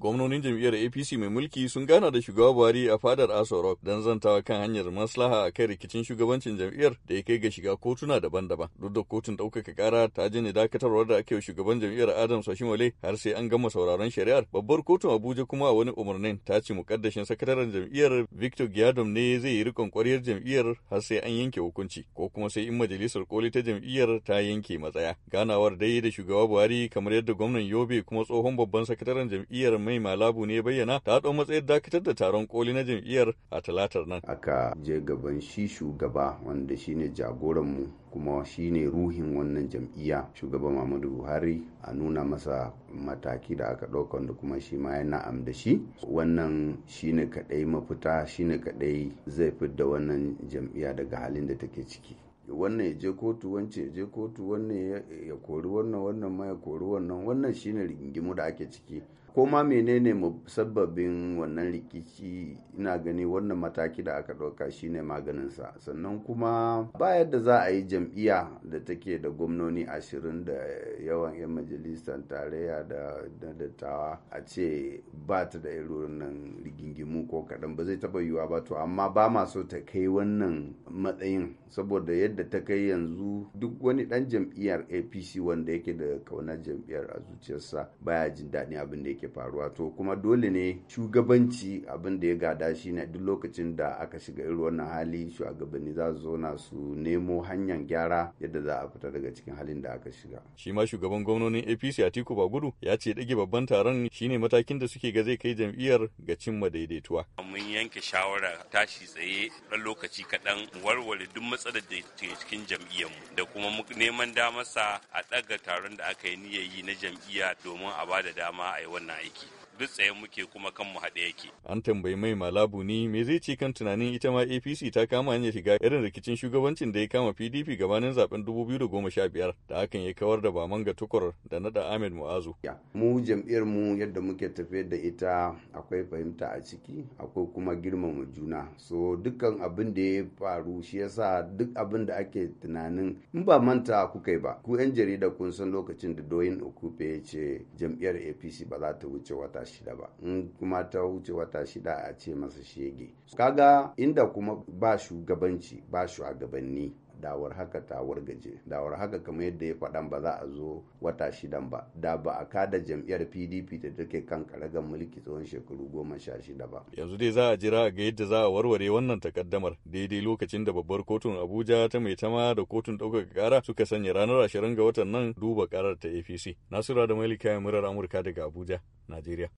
Gwamnonin jam'iyyar APC mai mulki sun gana da shugaba Buhari a fadar Aso Rock don zantawa kan hanyar maslaha a kai rikicin shugabancin jam'iyyar da ya kai ga shiga kotuna daban-daban. Duk da kotun ɗaukaka ƙara ta ji ne dakatarwar da ake shugaban jam'iyyar Adam Sashimole har sai an gama sauraron shari'ar. Babbar kotun Abuja kuma a wani umarnin ta ce mukaddashin sakataren jam'iyyar Victor Giadom ne zai yi rikon kwaryar jam'iyyar har sai an yanke hukunci ko kuma sai in majalisar koli ta jam'iyyar ta yanke matsaya. Ganawar dai da shugaba Buhari kamar yadda gwamnan Yobe kuma tsohon babban sakataren jam'iyyar Mai Malabu ne bayyana ta ɗau matsayin dakatar da taron koli na jam'iyyar a talatar nan. Aka je gaban shi shugaba wanda shine jagoranmu kuma shine ruhin wannan jam'iyya shugaba Muhammadu Buhari a nuna masa mataki da aka ɗauka wanda kuma shi ma yana amdashi. da shi wannan shine kaɗai mafita shine kaɗai zai fidda wannan jam'iyya daga halin da take ciki. wannan ya je kotu wancan ya je kotu wannan ya kori wannan wannan ma ya kori wannan wannan shine rigingimu da ake ciki ko ma menene musabbabin wannan rikici ina gani wannan mataki da aka ɗauka shine maganinsa sannan kuma ba yadda za a yi jam'iyya da take da gwamnoni ashirin da yawan 'yan majalisar tarayya da dattawa a ce ba ta da irin nan rigingimu ko kaɗan ba zai taɓa yiwuwa ba to amma ba ma so ta kai wannan matsayin saboda yadda ta kai yanzu duk wani ɗan jam'iyyar apc wanda yake da kaunar jam'iyyar a zuciyarsa baya jin daɗin abin da ke faruwa to kuma dole ne shugabanci abin da ya gada shi ne duk lokacin da aka shiga irin wannan hali shugabanni za su zauna su nemo hanyar gyara yadda za a fita daga cikin halin da aka shiga shi ma shugaban gwamnonin APC ba gudu ya ce dage babban taron shine matakin da suke ga zai kai jam'iyyar ga cimma daidaituwa mun yanke shawara tashi tsaye ɗan lokaci kaɗan warware duk matsalar da ke cikin jam'iyyar jam'iyyarmu da kuma neman sa a ɗaga taron da aka yi niyyar na jam'iyya domin a ba da dama a yi wannan Nike. duk tsaye muke kuma kanmu haɗe yake. An tambayi mai malabu ni me zai ce kan tunanin ita ma APC ta kama hanyar shiga irin rikicin shugabancin da ya kama PDP gabanin zaben 2015 da hakan ya kawar da baman ga tukur da nada Ahmed Mu'azu. Mu jam'iyyar mu yadda muke tafiyar da ita akwai fahimta a ciki akwai kuma girmama juna so dukkan abin da ya faru shi yasa duk abin da ake tunanin in ba manta kuka yi ba ku 'yan jarida kun san lokacin da doyin okupe ya ce jam'iyyar APC ba za ta wuce wata shida ba in kuma ta wuce wata shida a ce masa shege kaga inda kuma ba shugabanci ba shugabanni dawar haka ta wargaje dawar haka kamar yadda ya faɗan ba za a zo wata shidan ba da ba a kada jam'iyyar pdp da take kan karagar mulki tsawon shekaru goma sha shida ba yanzu dai za a jira ga yadda za a warware wannan takaddamar daidai lokacin da babbar kotun abuja ta mai tama da kotun ɗaukaka kara suka sanya ranar ashirin ga watan nan duba karar ta apc nasura da malika murar amurka daga abuja najeriya